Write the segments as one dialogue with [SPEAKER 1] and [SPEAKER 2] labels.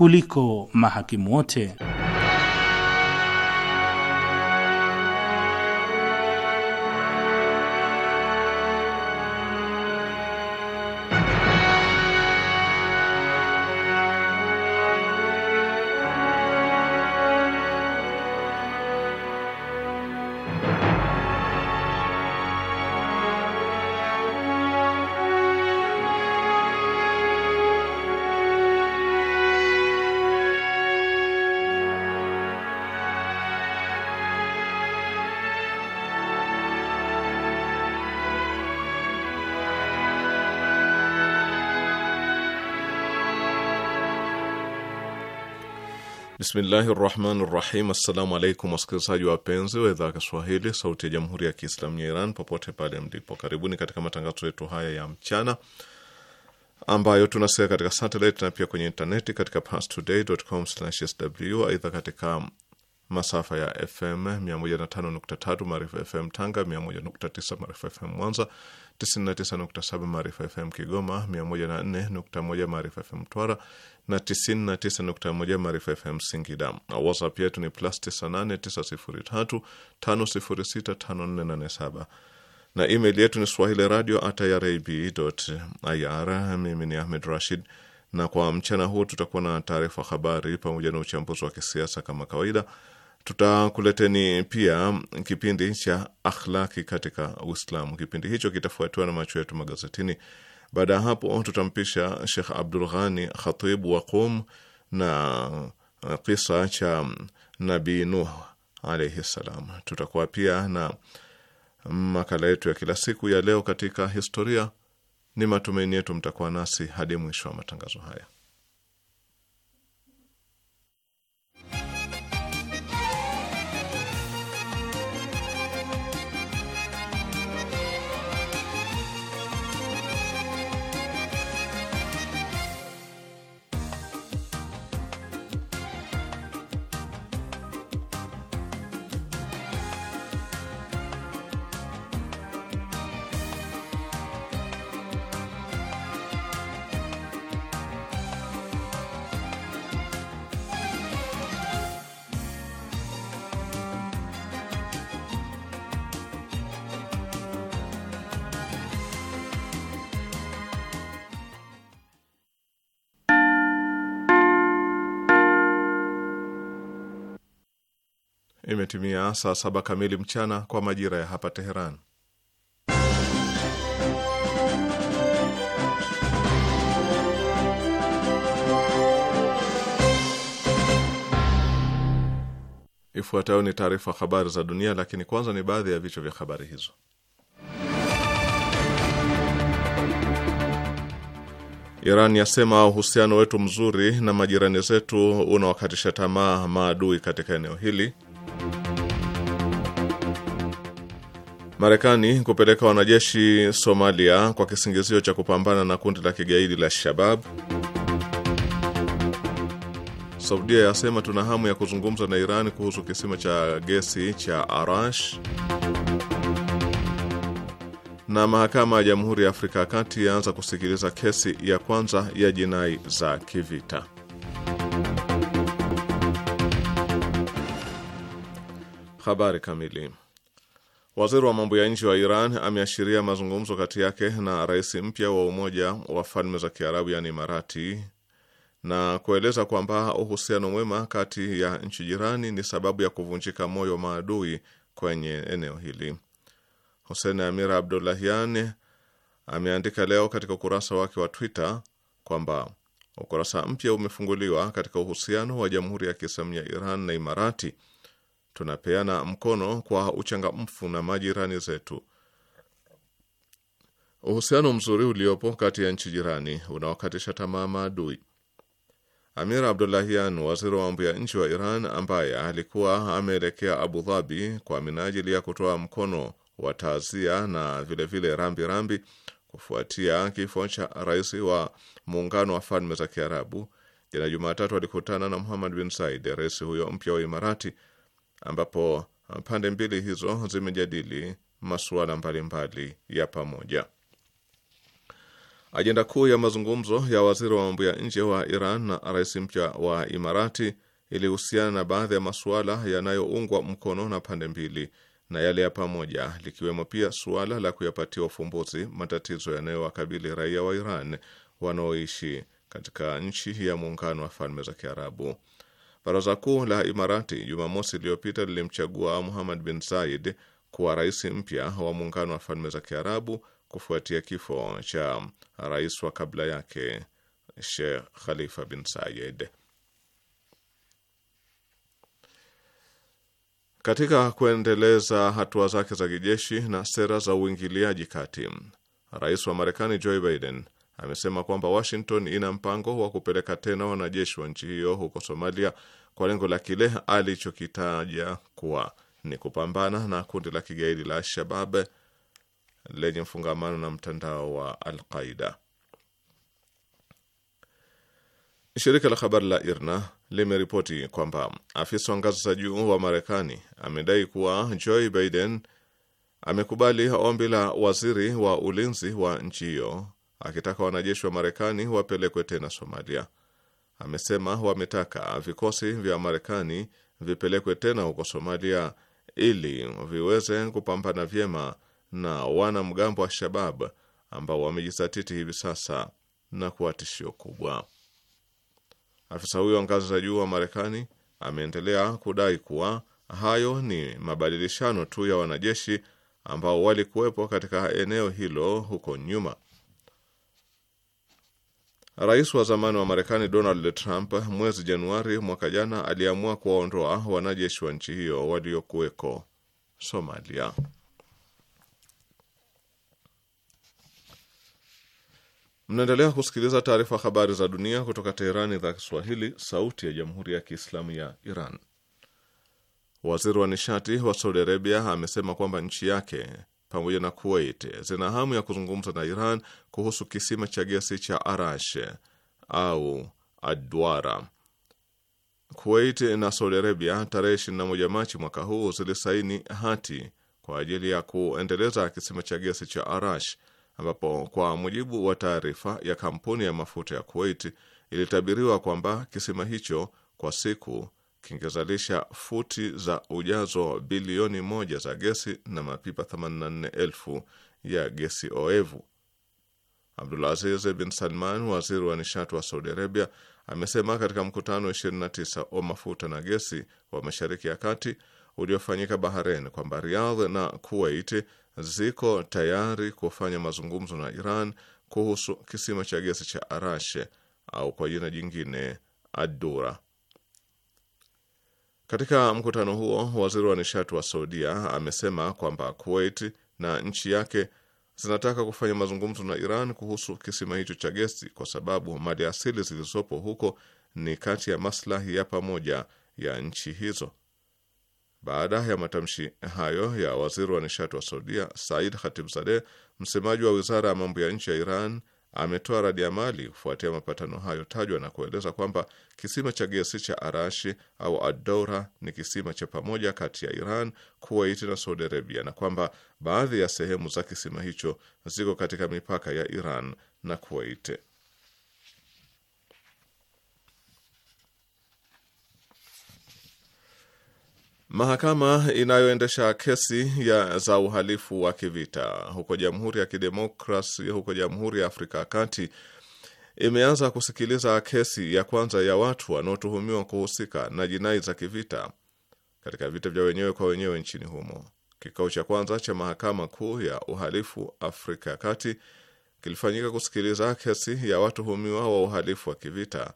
[SPEAKER 1] kuliko mahakimu wote.
[SPEAKER 2] Bismillahi rahmani rahim. Assalamu alaikum wasikilizaji wapenzi wa idhaa ya Kiswahili sauti ya jamhuri ya Kiislamu ya Iran popote pale mlipo, karibuni katika matangazo yetu haya ya mchana ambayo tunasikia katika satelit na pia kwenye intaneti katika parstoday.com/sw. Aidha, katika masafa ya FM 105.3 Maarifa FM Tanga, 101.9 Maarifa FM Mwanza, 99.7 Maarifa FM Kigoma, 104.1 Maarifa FM Mtwara na 99.1 Maarifa FM Singida. WhatsApp yetu ni plus 989035065487 na email yetu ni swahili radio at irib.ir. Mimi ni Ahmed Rashid na kwa mchana huo tutakuwa na taarifa habari pamoja na uchambuzi wa kisiasa kama kawaida. Tutakuleteni pia kipindi cha akhlaki katika Uislamu. Kipindi hicho kitafuatiwa na macho yetu magazetini. Baada ya hapo, tutampisha Shekh Abdul Ghani khatibu wa Qum na uh, kisa cha Nabii Nuh alaihi ssalam. Tutakuwa pia na makala yetu ya kila siku ya leo katika historia. Ni matumaini yetu mtakuwa nasi hadi mwisho wa matangazo haya. imetimia saa saba kamili mchana kwa majira ya hapa Teheran. Ifuatayo ni taarifa habari za dunia, lakini kwanza ni baadhi ya vichwa vya habari hizo. Iran yasema uhusiano wetu mzuri na majirani zetu unawakatisha tamaa maadui katika eneo hili. Marekani kupeleka wanajeshi Somalia kwa kisingizio cha kupambana na kundi la kigaidi la Shabab. Saudia yasema tuna hamu ya kuzungumza na Iran kuhusu kisima cha gesi cha Arash. Na mahakama ya Jamhuri ya Afrika ya Kati yaanza kusikiliza kesi ya kwanza ya jinai za kivita. Habari kamili Waziri wa mambo ya nje wa Iran ameashiria mazungumzo kati yake na rais mpya wa Umoja wa Falme za Kiarabu, yaani Imarati, na kueleza kwamba uhusiano mwema kati ya nchi jirani ni sababu ya kuvunjika moyo maadui kwenye eneo hili. Hussein Amir Abdollahian ameandika leo katika ukurasa wake wa Twitter kwamba ukurasa mpya umefunguliwa katika uhusiano wa Jamhuri ya Kiislamu ya Iran na Imarati Tunapeana mkono kwa uchangamfu na majirani zetu. Uhusiano mzuri uliopo kati ya nchi jirani unawakatisha tamaa maadui. Amir Abdullahian, waziri wa mambo ya nchi wa Iran, ambaye alikuwa ameelekea Abu Dhabi kwa minajili ya kutoa mkono wa taazia na vilevile rambirambi kufuatia kifo cha rais wa Muungano wa Falme za Kiarabu, jana Jumatatu alikutana na Muhammad bin Said, rais huyo mpya wa Imarati ambapo uh, pande mbili hizo zimejadili masuala mbalimbali ya pamoja. Ajenda kuu ya mazungumzo ya waziri wa mambo ya nje wa Iran na rais mpya wa Imarati ilihusiana na baadhi ya masuala yanayoungwa mkono na pande mbili na yale ya pamoja, likiwemo pia suala la kuyapatia ufumbuzi matatizo yanayowakabili raia wa Iran wanaoishi katika nchi ya Muungano wa Falme za Kiarabu. Baraza Kuu la Imarati Jumamosi iliyopita lilimchagua Muhammad bin Zaid kuwa rais mpya wa Muungano wa Falme za Kiarabu kufuatia kifo cha rais wa kabla yake Sheikh Khalifa bin Zayed. Katika kuendeleza hatua zake za kijeshi na sera za uingiliaji kati, rais wa Marekani Joe Biden amesema kwamba Washington ina mpango wa kupeleka tena wanajeshi wa nchi hiyo huko Somalia kwa lengo la kile alichokitaja kuwa ni kupambana na kundi la kigaidi la Al-Shabab lenye mfungamano na mtandao wa Al-Qaida. Shirika la habari la IRNA limeripoti kwamba afisa wa ngazi za juu wa Marekani amedai kuwa Joe Biden amekubali ombi la waziri wa ulinzi wa nchi hiyo akitaka wanajeshi wa Marekani wapelekwe tena Somalia. Amesema wametaka vikosi vya Marekani vipelekwe tena huko Somalia ili viweze kupambana vyema na wanamgambo wa Shabab ambao wamejisatiti hivi sasa na kuwa tishio kubwa. Afisa huyo wa ngazi za juu wa Marekani ameendelea kudai kuwa hayo ni mabadilishano tu ya wanajeshi ambao walikuwepo katika eneo hilo huko nyuma Rais wa zamani wa Marekani Donald Trump mwezi Januari mwaka jana aliamua kuwaondoa wanajeshi wa nchi hiyo waliokuweko Somalia. Mnaendelea kusikiliza taarifa habari za dunia kutoka Teherani, idhaa Kiswahili, sauti ya jamhuri ya kiislamu ya Iran. Waziri wa nishati wa Saudi Arabia amesema kwamba nchi yake pamoja na Kuwait zina hamu ya kuzungumza na Iran kuhusu kisima cha gesi cha Arash au Adwara. Kuwait na Saudi Arabia tarehe 21 Machi mwaka huu zilisaini hati kwa ajili ya kuendeleza kisima cha gesi cha Arash, ambapo kwa mujibu wa taarifa ya kampuni ya mafuta ya Kuwait ilitabiriwa kwamba kisima hicho kwa siku kingezalisha futi za ujazo wa bilioni moja za gesi na mapipa 84,000 ya gesi oevu. Abdulaziz bin Salman, waziri wa nishati wa Saudi Arabia, amesema katika mkutano 29 wa mafuta na gesi wa Mashariki ya Kati uliofanyika Bahrain kwamba Riyadh na Kuwait ziko tayari kufanya mazungumzo na Iran kuhusu kisima cha gesi cha Arash au kwa jina jingine Adura. Katika mkutano huo, waziri wa nishati wa Saudia amesema kwamba Kuwait na nchi yake zinataka kufanya mazungumzo na Iran kuhusu kisima hicho cha gesi kwa sababu mali asili zilizopo huko ni kati ya maslahi ya pamoja ya nchi hizo. Baada ya matamshi hayo ya waziri wa nishati wa Saudia, Said Khatibzadeh, msemaji wa wizara ya mambo ya nchi ya Iran, ametoa radi ya mali kufuatia mapatano hayo tajwa na kueleza kwamba kisima cha gesi cha Arashi au Adoura ni kisima cha pamoja kati ya Iran, Kuwait na Saudi Arabia, na kwamba baadhi ya sehemu za kisima hicho ziko katika mipaka ya Iran na Kuwait. Mahakama inayoendesha kesi ya za uhalifu wa kivita huko Jamhuri ya kidemokrasi huko Jamhuri ya Afrika ya Kati imeanza kusikiliza kesi ya kwanza ya watu wanaotuhumiwa kuhusika na jinai za kivita katika vita vya wenyewe kwa wenyewe nchini humo. Kikao cha kwanza cha Mahakama Kuu ya Uhalifu Afrika ya Kati kilifanyika kusikiliza kesi ya watuhumiwa wa uhalifu wa kivita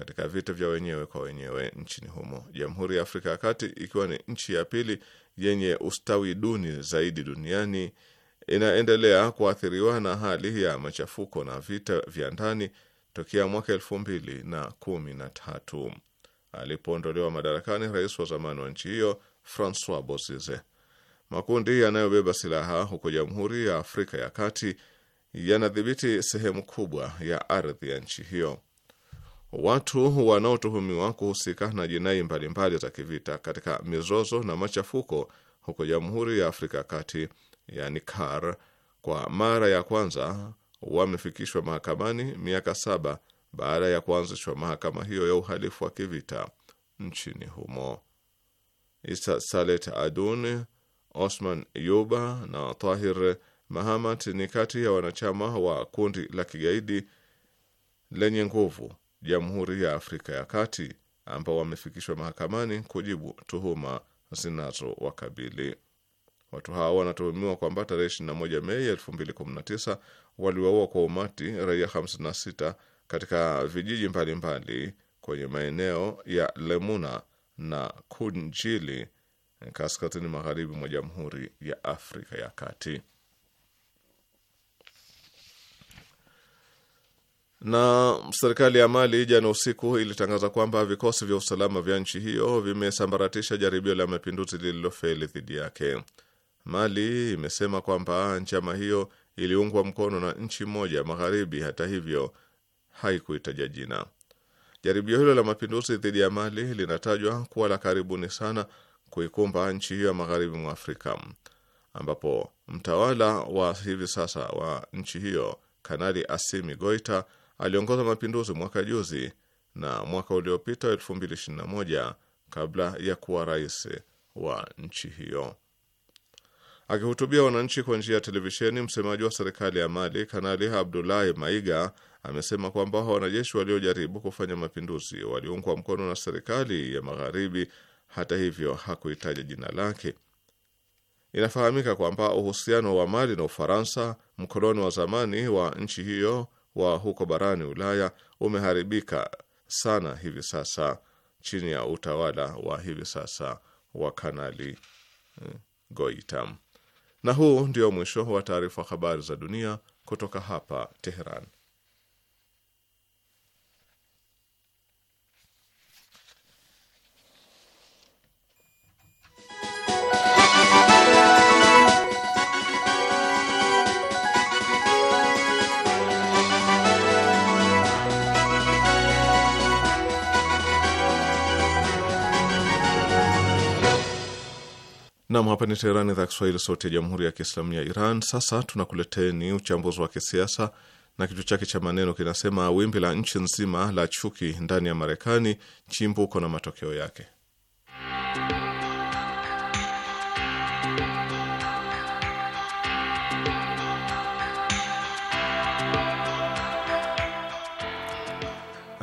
[SPEAKER 2] katika vita vya wenyewe kwa wenyewe nchini humo, Jamhuri ya Afrika ya Kati ikiwa ni nchi ya pili yenye ustawi duni zaidi duniani inaendelea kuathiriwa na hali ya machafuko na vita vya ndani tokea mwaka elfu mbili na kumi na tatu alipoondolewa madarakani rais wa zamani wa nchi hiyo Francois Bozize. Makundi yanayobeba silaha huko Jamhuri ya Afrika ya Kati yanadhibiti sehemu kubwa ya ardhi ya nchi hiyo watu wanaotuhumiwa kuhusika na jinai mbalimbali za kivita katika mizozo na machafuko huko Jamhuri ya Afrika ya Kati, yani CAR, kwa mara ya kwanza wamefikishwa mahakamani miaka saba baada ya kuanzishwa mahakama hiyo ya uhalifu wa kivita nchini humo. Isa Salet Adun, Osman Yuba na Tahir Mahamat ni kati ya wanachama wa kundi la kigaidi lenye nguvu Jamhuri ya Afrika ya Kati ambao wamefikishwa mahakamani kujibu tuhuma zinazowakabili. Watu hao wanatuhumiwa kwamba tarehe 21 Mei 2019 waliwaua kwa umati raia 56 katika vijiji mbalimbali kwenye maeneo ya Lemuna na Kunjili kaskazini magharibi mwa Jamhuri ya Afrika ya Kati. Na serikali ya Mali jana usiku ilitangaza kwamba vikosi vya usalama vya nchi hiyo vimesambaratisha jaribio la mapinduzi lililofeli dhidi yake. Mali imesema kwamba njama hiyo iliungwa mkono na nchi moja magharibi, hata hivyo haikuitaja jina. Jaribio hilo la mapinduzi dhidi ya Mali linatajwa kuwa la karibuni sana kuikumba nchi hiyo ya magharibi mwa Afrika, ambapo mtawala wa hivi sasa wa nchi hiyo Kanali Asimi Goita aliongoza mapinduzi mwaka juzi na mwaka uliopita 2021 kabla ya kuwa rais wa nchi hiyo. Akihutubia wananchi kwa njia ya televisheni, msemaji wa serikali ya Mali Kanali Abdulahi Maiga amesema kwamba wanajeshi waliojaribu kufanya mapinduzi waliungwa mkono na serikali ya Magharibi. Hata hivyo, hakuitaja jina lake. Inafahamika kwamba uhusiano wa Mali na Ufaransa, mkoloni wa zamani wa nchi hiyo wa huko barani Ulaya umeharibika sana hivi sasa chini ya utawala wa hivi sasa wa Kanali eh, Goitam. Na huu ndio mwisho wa taarifa habari za dunia kutoka hapa Teheran. Nam, hapa ni Teherani, idhaa Kiswahili, sauti ya jamhuri ya kiislamu ya Iran. Sasa tunakuleteni uchambuzi wa kisiasa na kichwa chake cha maneno kinasema wimbi la nchi nzima la chuki ndani ya Marekani, chimbuko na matokeo yake.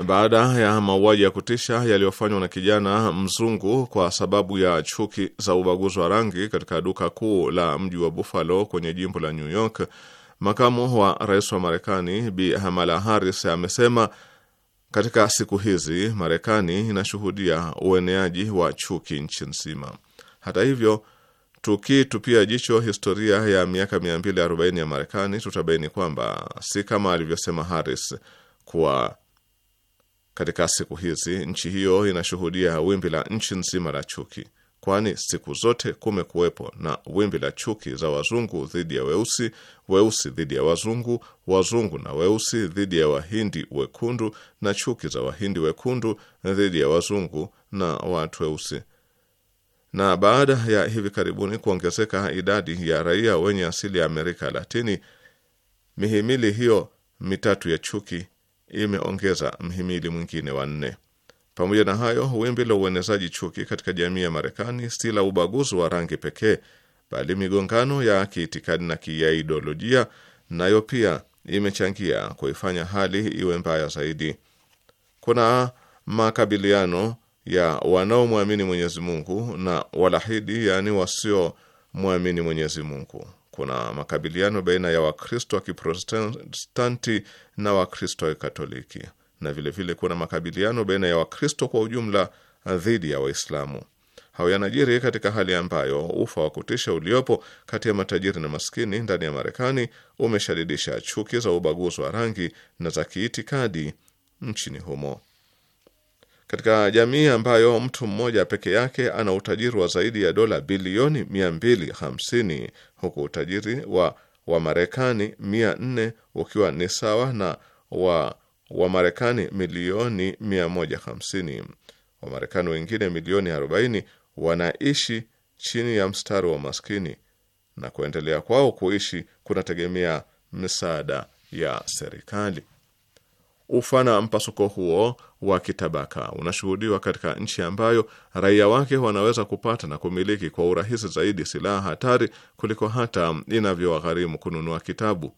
[SPEAKER 2] baada ya mauaji ya kutisha yaliyofanywa na kijana mzungu kwa sababu ya chuki za ubaguzi wa rangi katika duka kuu la mji wa Buffalo kwenye jimbo la New York, makamu wa rais wa Marekani Bi Kamala Harris amesema katika siku hizi Marekani inashuhudia ueneaji wa chuki nchi nzima. Hata hivyo, tukitupia jicho historia ya miaka 240 ya Marekani tutabaini kwamba si kama alivyosema Harris kuwa katika siku hizi nchi hiyo inashuhudia wimbi la nchi nzima la chuki, kwani siku zote kumekuwepo na wimbi la chuki za wazungu dhidi ya weusi, weusi dhidi ya wazungu, wazungu na weusi dhidi ya wahindi wekundu, na chuki za wahindi wekundu dhidi ya wazungu na watu weusi. Na baada ya hivi karibuni kuongezeka idadi ya raia wenye asili ya Amerika Latini, mihimili hiyo mitatu ya chuki imeongeza mhimili mwingine wa nne. Pamoja na hayo, wimbi la uenezaji chuki katika jamii ya Marekani si la ubaguzi wa rangi pekee, bali migongano ya kiitikadi na kiaidolojia nayo pia imechangia kuifanya hali iwe mbaya zaidi. Kuna makabiliano ya wanaomwamini Mwenyezi Mungu na walahidi, yaani wasiomwamini Mwenyezi Mungu kuna makabiliano baina ya Wakristo wa Kiprotestanti na Wakristo wa Katoliki, na vilevile vile kuna makabiliano baina ya Wakristo kwa ujumla uh, dhidi ya Waislamu. Hayo yanajiri katika hali ambayo ufa wa kutisha uliopo kati ya matajiri na maskini ndani ya Marekani umeshadidisha chuki za ubaguzi wa rangi na za kiitikadi nchini humo. Katika jamii ambayo mtu mmoja peke yake ana utajiri wa zaidi ya dola bilioni 250 huku utajiri wa Wamarekani 400 ukiwa ni sawa na wa Wamarekani milioni 150, Wamarekani wengine milioni 40 wanaishi chini ya mstari wa maskini na kuendelea kwao kuishi kunategemea misaada ya serikali ufana mpasuko huo wa kitabaka unashuhudiwa katika nchi ambayo raia wake wanaweza kupata na kumiliki kwa urahisi zaidi silaha hatari kuliko hata inavyowagharimu kununua kitabu.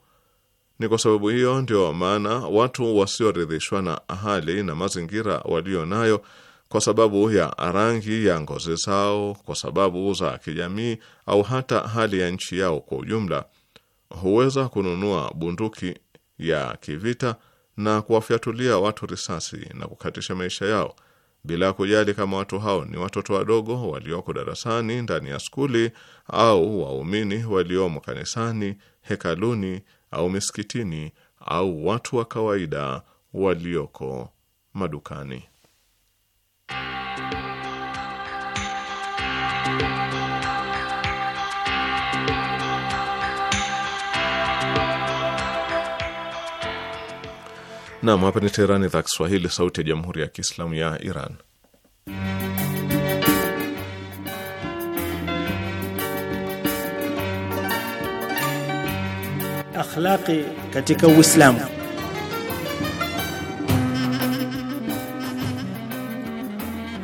[SPEAKER 2] Ni kwa sababu hiyo ndio maana watu wasioridhishwa na hali na mazingira walio nayo, kwa sababu ya rangi ya ngozi zao, kwa sababu za kijamii, au hata hali ya nchi yao kwa ujumla, huweza kununua bunduki ya kivita na kuwafyatulia watu risasi na kukatisha maisha yao bila kujali kama watu hao ni watoto wadogo walioko darasani ndani ya skuli au waumini waliomo kanisani, hekaluni au misikitini au watu wa kawaida walioko madukani. Nam, hapa ni Teherani, idhaa Kiswahili, sauti ya jamhuri ya kiislamu ya Iran.
[SPEAKER 1] Akhlaqi katika Uislamu.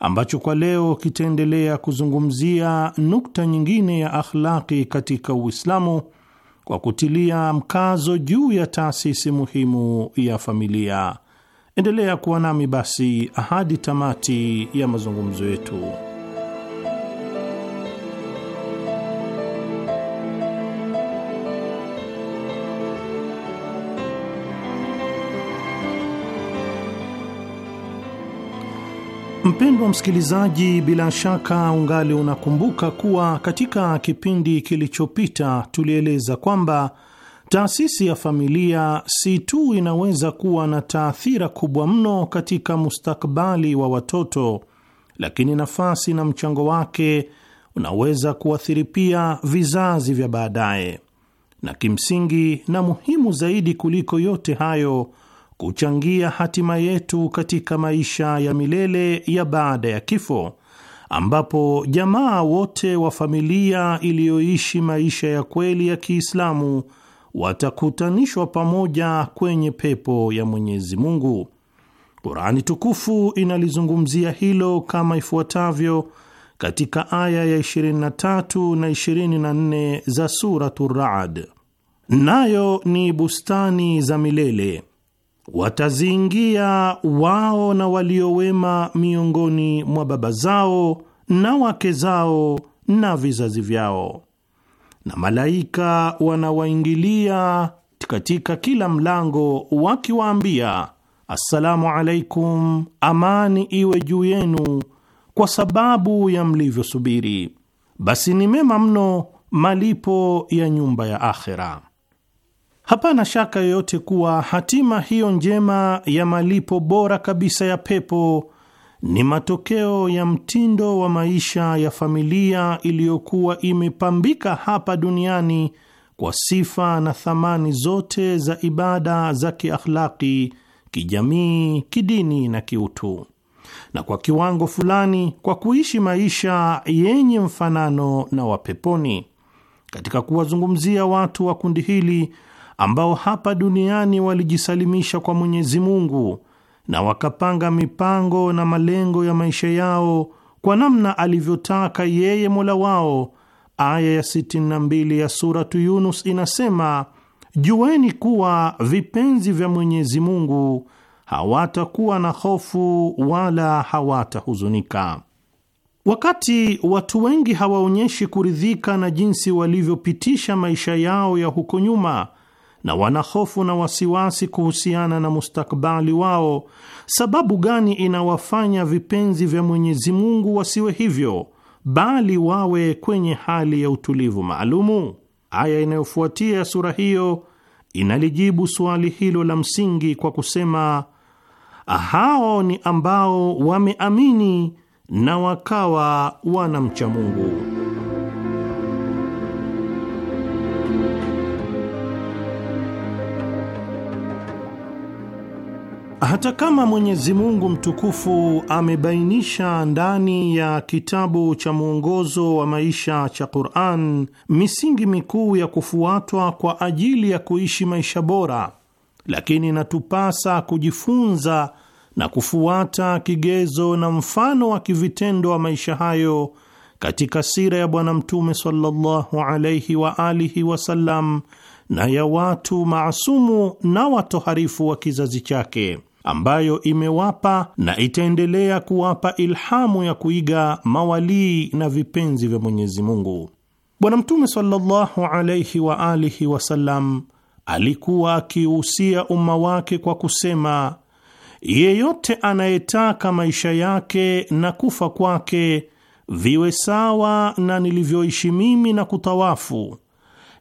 [SPEAKER 1] ambacho kwa leo kitaendelea kuzungumzia nukta nyingine ya akhlaki katika Uislamu kwa kutilia mkazo juu ya taasisi muhimu ya familia. Endelea kuwa nami basi ahadi tamati ya mazungumzo yetu. Mpendwa msikilizaji, bila shaka ungali unakumbuka kuwa katika kipindi kilichopita tulieleza kwamba taasisi ya familia si tu inaweza kuwa na taathira kubwa mno katika mustakabali wa watoto, lakini nafasi na mchango wake unaweza kuathiri pia vizazi vya baadaye, na kimsingi na muhimu zaidi kuliko yote hayo kuchangia hatima yetu katika maisha ya milele ya baada ya kifo, ambapo jamaa wote wa familia iliyoishi maisha ya kweli ya Kiislamu watakutanishwa pamoja kwenye pepo ya Mwenyezi Mungu. Qurani tukufu inalizungumzia hilo kama ifuatavyo katika aya ya 23 na 24 za Suratu Raad: nayo ni bustani za milele wataziingia wao na waliowema miongoni mwa baba zao na wake zao na vizazi vyao, na malaika wanawaingilia katika kila mlango wakiwaambia, assalamu alaikum, amani iwe juu yenu kwa sababu ya mlivyosubiri, basi ni mema mno malipo ya nyumba ya akhera. Hapana shaka yoyote kuwa hatima hiyo njema ya malipo bora kabisa ya pepo ni matokeo ya mtindo wa maisha ya familia iliyokuwa imepambika hapa duniani kwa sifa na thamani zote za ibada za kiakhlaki, kijamii, kidini na kiutu, na kwa kiwango fulani kwa kuishi maisha yenye mfanano na wapeponi. Katika kuwazungumzia watu wa kundi hili ambao hapa duniani walijisalimisha kwa Mwenyezi Mungu na wakapanga mipango na malengo ya maisha yao kwa namna alivyotaka yeye Mola wao. Aya ya 62 ya suratu Yunus inasema, jueni kuwa vipenzi vya Mwenyezi Mungu hawatakuwa na hofu wala hawatahuzunika. Wakati watu wengi hawaonyeshi kuridhika na jinsi walivyopitisha maisha yao ya huko nyuma na wana hofu na wasiwasi kuhusiana na mustakbali wao, sababu gani inawafanya vipenzi vya Mwenyezi Mungu wasiwe hivyo, bali wawe kwenye hali ya utulivu maalumu? Aya inayofuatia sura hiyo inalijibu suali hilo la msingi kwa kusema, hao ni ambao wameamini na wakawa wanamcha Mungu. Hata kama Mwenyezi Mungu mtukufu amebainisha ndani ya kitabu cha mwongozo wa maisha cha Qur'an misingi mikuu ya kufuatwa kwa ajili ya kuishi maisha bora, lakini inatupasa kujifunza na kufuata kigezo na mfano wa kivitendo wa maisha hayo katika sira ya Bwana Mtume sallallahu alayhi wa alihi wasallam na ya watu maasumu na watoharifu wa kizazi chake ambayo imewapa na itaendelea kuwapa ilhamu ya kuiga mawalii na vipenzi vya Mwenyezi Mungu. Bwana Mtume sallallahu alayhi wa alihi wasallam alikuwa akihusia umma wake kwa kusema, yeyote anayetaka maisha yake na kufa kwake viwe sawa na nilivyoishi mimi na kutawafu,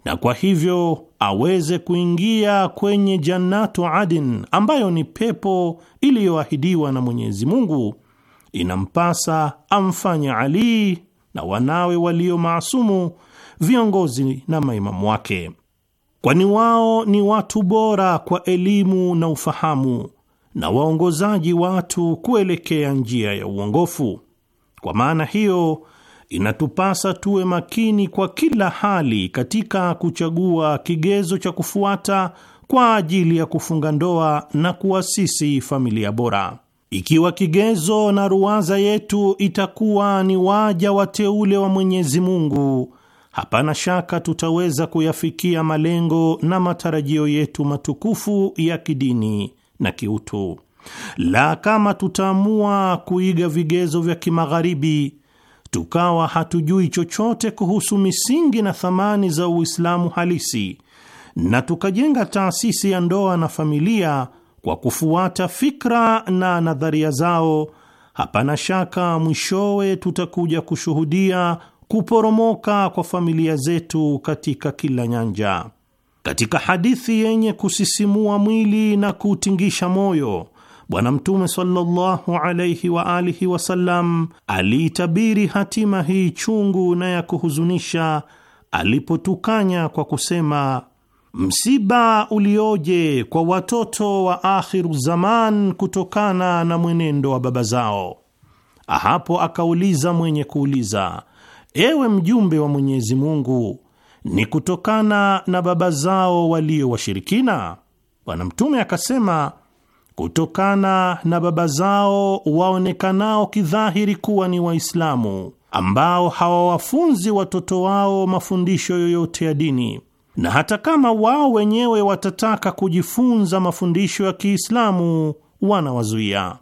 [SPEAKER 1] na kwa hivyo aweze kuingia kwenye Jannatu Adin ambayo ni pepo iliyoahidiwa na Mwenyezi Mungu, inampasa amfanye Ali na wanawe walio maasumu viongozi na maimamu wake, kwani wao ni watu bora kwa elimu na ufahamu na waongozaji watu kuelekea njia ya uongofu. Kwa maana hiyo inatupasa tuwe makini kwa kila hali katika kuchagua kigezo cha kufuata kwa ajili ya kufunga ndoa na kuasisi familia bora. Ikiwa kigezo na ruwaza yetu itakuwa ni waja wateule wa Mwenyezi Mungu, hapana shaka tutaweza kuyafikia malengo na matarajio yetu matukufu ya kidini na kiutu. La, kama tutaamua kuiga vigezo vya kimagharibi tukawa hatujui chochote kuhusu misingi na thamani za Uislamu halisi na tukajenga taasisi ya ndoa na familia kwa kufuata fikra na nadharia zao, hapana shaka mwishowe tutakuja kushuhudia kuporomoka kwa familia zetu katika kila nyanja. Katika hadithi yenye kusisimua mwili na kutingisha moyo Bwana Mtume sallallahu alaihi wa alihi wasallam aliitabiri hatima hii chungu na ya kuhuzunisha alipotukanya kwa kusema: msiba ulioje kwa watoto wa akhiru zaman kutokana na mwenendo wa baba zao. Hapo akauliza mwenye kuuliza, ewe mjumbe wa Mwenyezi Mungu, ni kutokana na baba zao walio washirikina? Bwana Mtume akasema kutokana na baba zao waonekanao kidhahiri kuwa ni Waislamu ambao hawawafunzi watoto wao mafundisho yoyote ya dini, na hata kama wao wenyewe watataka kujifunza mafundisho ya Kiislamu wanawazuia.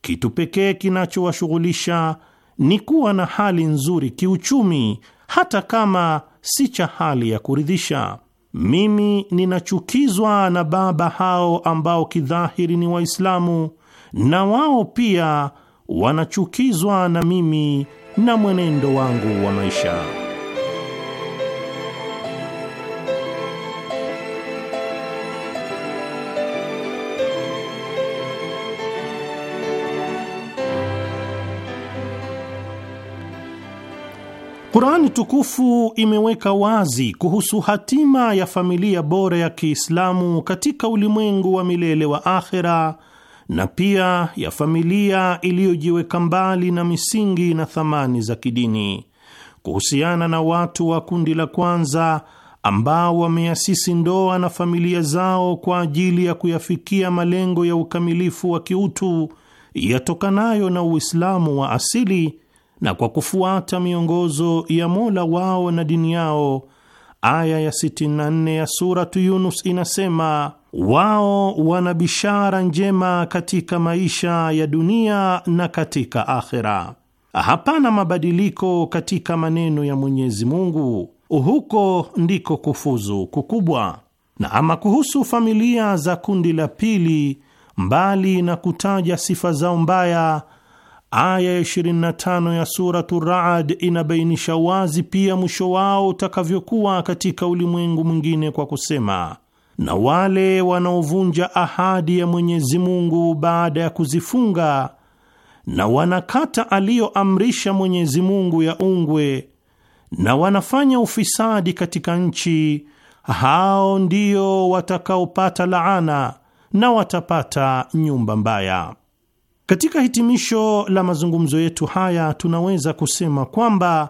[SPEAKER 1] Kitu pekee kinachowashughulisha ni kuwa na hali nzuri kiuchumi, hata kama si cha hali ya kuridhisha. Mimi ninachukizwa na baba hao ambao kidhahiri ni Waislamu, na wao pia wanachukizwa na mimi na mwenendo wangu wa maisha. Qurani tukufu imeweka wazi kuhusu hatima ya familia bora ya Kiislamu katika ulimwengu wa milele wa akhera na pia ya familia iliyojiweka mbali na misingi na thamani za kidini. Kuhusiana na watu wa kundi la kwanza ambao wameasisi ndoa na familia zao kwa ajili ya kuyafikia malengo ya ukamilifu wa kiutu yatokanayo na Uislamu wa asili na kwa kufuata miongozo ya Mola wao na dini yao. Aya ya 64 ya suratu Yunus inasema wao wana bishara njema katika maisha ya dunia na katika akhera. Hapana mabadiliko katika maneno ya Mwenyezi Mungu. Huko ndiko kufuzu kukubwa. Na ama kuhusu familia za kundi la pili, mbali na kutaja sifa zao mbaya Aya ya 25 ya Suratu Raad inabainisha wazi pia mwisho wao utakavyokuwa katika ulimwengu mwingine kwa kusema, na wale wanaovunja ahadi ya Mwenyezi Mungu baada ya kuzifunga na wanakata aliyoamrisha Mwenyezi Mungu ya ungwe na wanafanya ufisadi katika nchi, hao ndio watakaopata laana na watapata nyumba mbaya. Katika hitimisho la mazungumzo yetu haya tunaweza kusema kwamba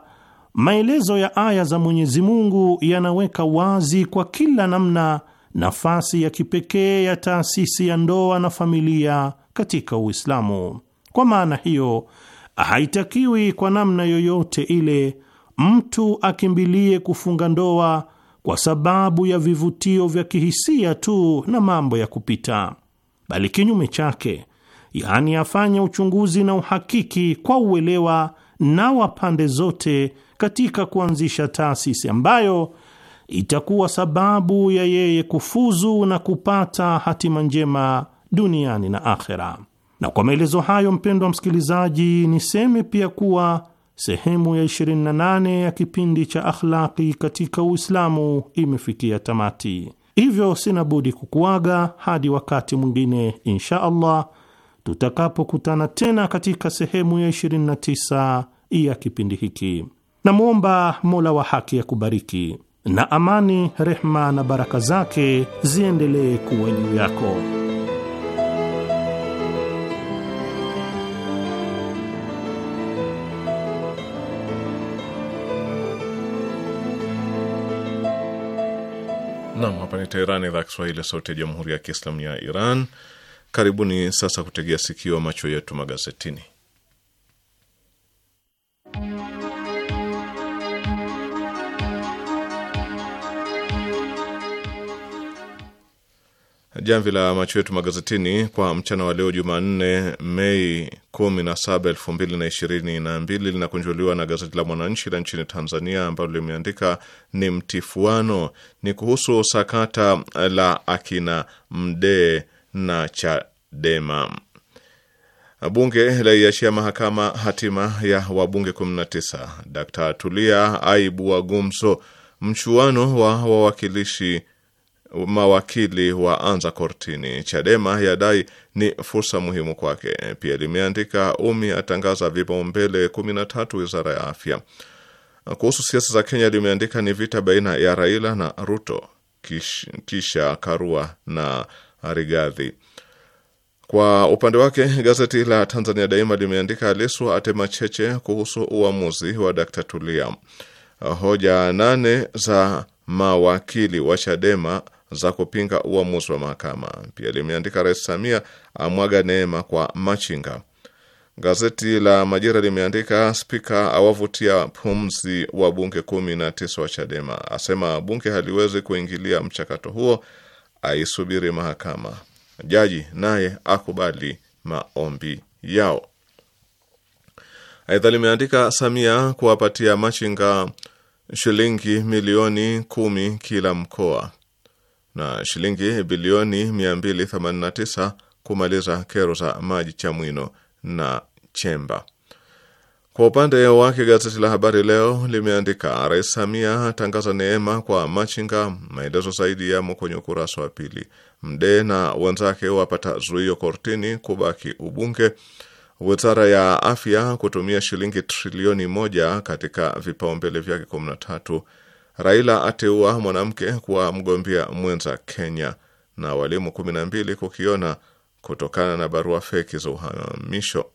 [SPEAKER 1] maelezo ya aya za Mwenyezi Mungu yanaweka wazi kwa kila namna nafasi ya kipekee ya taasisi ya ndoa na familia katika Uislamu. Kwa maana hiyo, haitakiwi kwa namna yoyote ile mtu akimbilie kufunga ndoa kwa sababu ya vivutio vya kihisia tu na mambo ya kupita, bali kinyume chake yaani afanye uchunguzi na uhakiki kwa uelewa na wa pande zote katika kuanzisha taasisi ambayo itakuwa sababu ya yeye kufuzu na kupata hatima njema duniani na akhera. Na kwa maelezo hayo, mpendo wa msikilizaji, niseme pia kuwa sehemu ya 28 ya kipindi cha Akhlaqi katika Uislamu imefikia tamati, hivyo sina budi kukuaga hadi wakati mwingine insha Allah tutakapokutana tena katika sehemu ya 29 ya kipindi hiki. Namwomba Mola wa haki akubariki, na amani, rehma na baraka zake ziendelee kuwa juu yako.
[SPEAKER 2] Nam, hapa ni Teherani, idhaa Kiswahili, sauti ya jamhuri ya kiislamu ya Iran. Karibuni sasa kutegea sikio macho yetu magazetini. Jamvi la macho yetu magazetini kwa mchana wa leo Jumanne, Mei 17, 2022 linakunjuliwa na gazeti la Mwananchi la nchini Tanzania, ambalo limeandika ni mtifuano, ni kuhusu sakata la akina Mdee na Chadema. Bunge laiachia mahakama hatima ya wabunge 19. Dkt Tulia aibua gumzo. Mchuano wa wawakilishi mawakili wa anza kortini. Chadema yadai ni fursa muhimu kwake. Pia limeandika Umi atangaza vipaumbele 13 wizara ya afya. Kuhusu siasa za Kenya limeandika ni vita baina ya Raila na Ruto, kisha Karua na arigadhi Kwa upande wake gazeti la Tanzania Daima limeandika Lissu atema cheche kuhusu uamuzi wa Dkt. Tulia. Hoja nane za mawakili wa Chadema za kupinga uamuzi wa mahakama. Pia limeandika Rais Samia amwaga neema kwa machinga. Gazeti la Majira limeandika spika awavutia pumzi wa bunge kumi na tisa wa Chadema, asema bunge haliwezi kuingilia mchakato huo aisubiri mahakama. Jaji naye akubali maombi yao. Aidha limeandika Samia kuwapatia machinga shilingi milioni kumi kila mkoa na shilingi bilioni 289 kumaliza kero za maji Chamwino na Chemba. Kwa upande wake gazeti la Habari Leo limeandika Rais Samia atangaza neema kwa machinga. Maelezo zaidi yamo kwenye ukurasa wa pili. Mdee na wenzake wapata zuio kortini kubaki ubunge. Wizara ya Afya kutumia shilingi trilioni moja katika vipaumbele vyake 13. Raila ateua mwanamke kuwa mgombea mwenza Kenya, na walimu 12 kukiona kutokana na barua feki za uhamisho.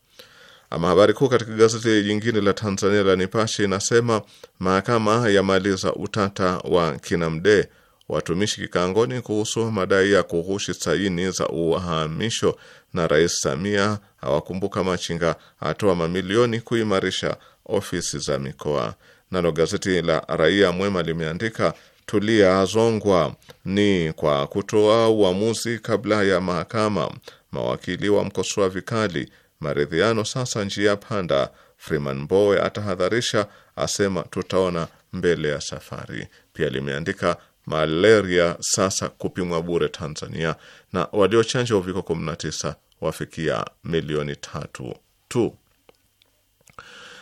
[SPEAKER 2] Ama habari kuu katika gazeti jingine la Tanzania la Nipashe inasema mahakama yamaliza utata wa kinamde watumishi kikangoni kuhusu madai ya kughushi saini za uhamisho, na Rais Samia awakumbuka machinga, atoa mamilioni kuimarisha ofisi za mikoa. Nalo gazeti la Raia Mwema limeandika Tulia zongwa ni kwa kutoa uamuzi kabla ya mahakama, mawakili wamkosoa vikali Maridhiano sasa njia panda, Freeman Mbowe atahadharisha, asema tutaona mbele ya safari. Pia limeandika malaria sasa kupimwa bure Tanzania, na waliochanjwa uviko 19 wafikia milioni tatu tu.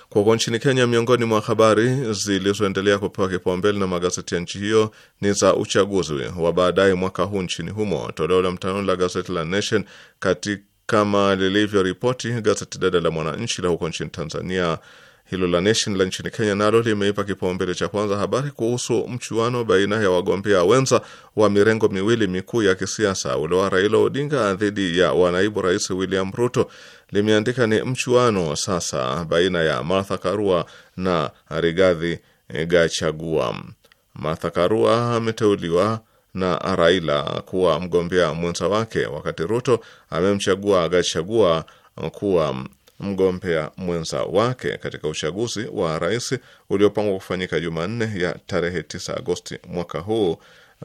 [SPEAKER 2] Kwa huko nchini Kenya, miongoni mwa habari zilizoendelea kupewa kipaumbele na magazeti ya nchi hiyo ni za uchaguzi wa baadaye mwaka huu nchini humo. Toleo la mtandaoni la gazeti la Nation katika kama lilivyoripoti gazeti dada la Mwananchi la huko nchini Tanzania. Hilo la Nation la nchini Kenya nalo limeipa kipaumbele cha kwanza habari kuhusu mchuano baina ya wagombea wenza wa mirengo miwili mikuu ya kisiasa, ule wa Raila Odinga dhidi ya wanaibu rais William Ruto. Limeandika ni mchuano sasa baina ya Martha Karua na Rigathi Gachagua. Martha Karua ameteuliwa na Raila kuwa mgombea mwenza wake, wakati Ruto amemchagua Gachagua kuwa mgombea mwenza wake katika uchaguzi wa rais uliopangwa kufanyika Jumanne ya tarehe 9 Agosti mwaka huu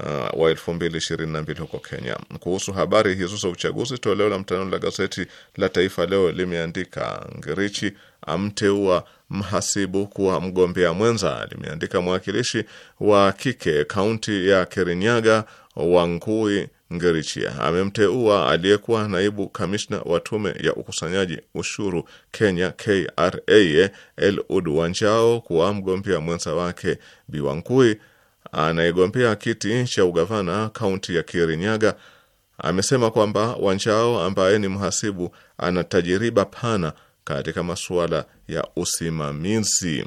[SPEAKER 2] Uh, wa elfu mbili ishirini na mbili huko Kenya. Kuhusu habari hizo za uchaguzi, toleo la mtandao la gazeti la Taifa Leo limeandika Ngirichi amteua mhasibu kuwa mgombea mwenza, limeandika mwakilishi wa kike kaunti ya Kirinyaga Wangui Ngerichia amemteua aliyekuwa naibu kamishna wa tume ya ukusanyaji ushuru Kenya KRA Elud Wanjao kuwa mgombea mwenza wake. Biwangui anayegombea kiti cha ugavana kaunti ya Kirinyaga amesema kwamba Wanjao ambaye ni mhasibu ana tajiriba pana katika masuala ya usimamizi.